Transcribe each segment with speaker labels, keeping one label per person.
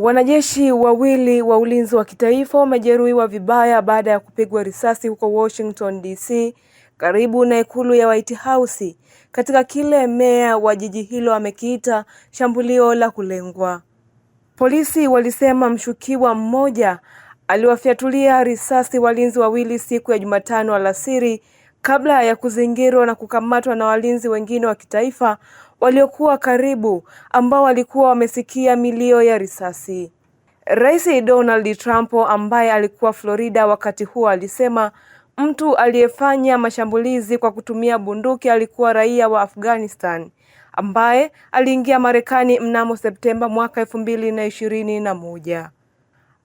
Speaker 1: Wanajeshi wawili wa ulinzi wa kitaifa wamejeruhiwa vibaya baada ya kupigwa risasi huko Washington DC karibu na ikulu ya White House katika kile meya wa jiji hilo amekiita shambulio la kulengwa. Polisi walisema mshukiwa mmoja aliwafyatulia risasi walinzi wawili siku ya Jumatano alasiri kabla ya kuzingirwa na kukamatwa na walinzi wengine wa kitaifa waliokuwa karibu ambao walikuwa wamesikia milio ya risasi. Rais Donald Trump ambaye alikuwa Florida wakati huo alisema mtu aliyefanya mashambulizi kwa kutumia bunduki alikuwa raia wa Afghanistan ambaye aliingia Marekani mnamo Septemba mwaka elfu mbili na ishirini na moja.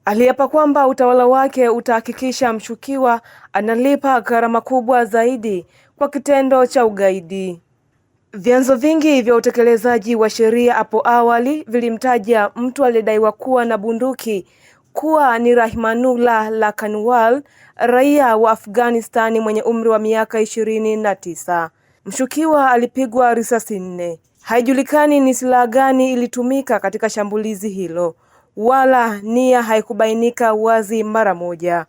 Speaker 1: Aliapa kwamba utawala wake utahakikisha mshukiwa analipa gharama kubwa zaidi kwa kitendo cha ugaidi.
Speaker 2: Vyanzo vingi vya utekelezaji wa sheria hapo awali vilimtaja mtu aliyedaiwa kuwa na bunduki kuwa ni Rahmanullah Lakanwal, raia wa Afghanistani mwenye umri wa miaka ishirini na tisa. Mshukiwa alipigwa risasi nne. Haijulikani ni silaha gani ilitumika katika shambulizi hilo, wala nia haikubainika wazi mara moja.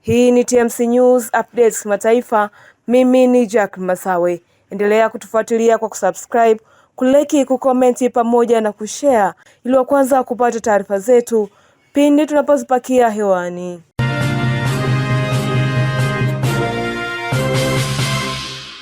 Speaker 2: Hii ni TMC News Updates Kimataifa. Mimi ni Jack Masawe. Endelea kutufuatilia kwa kusubscribe, kuleki, kukomenti pamoja na kushare ili wa kwanza kupata taarifa zetu pindi tunapozipakia hewani.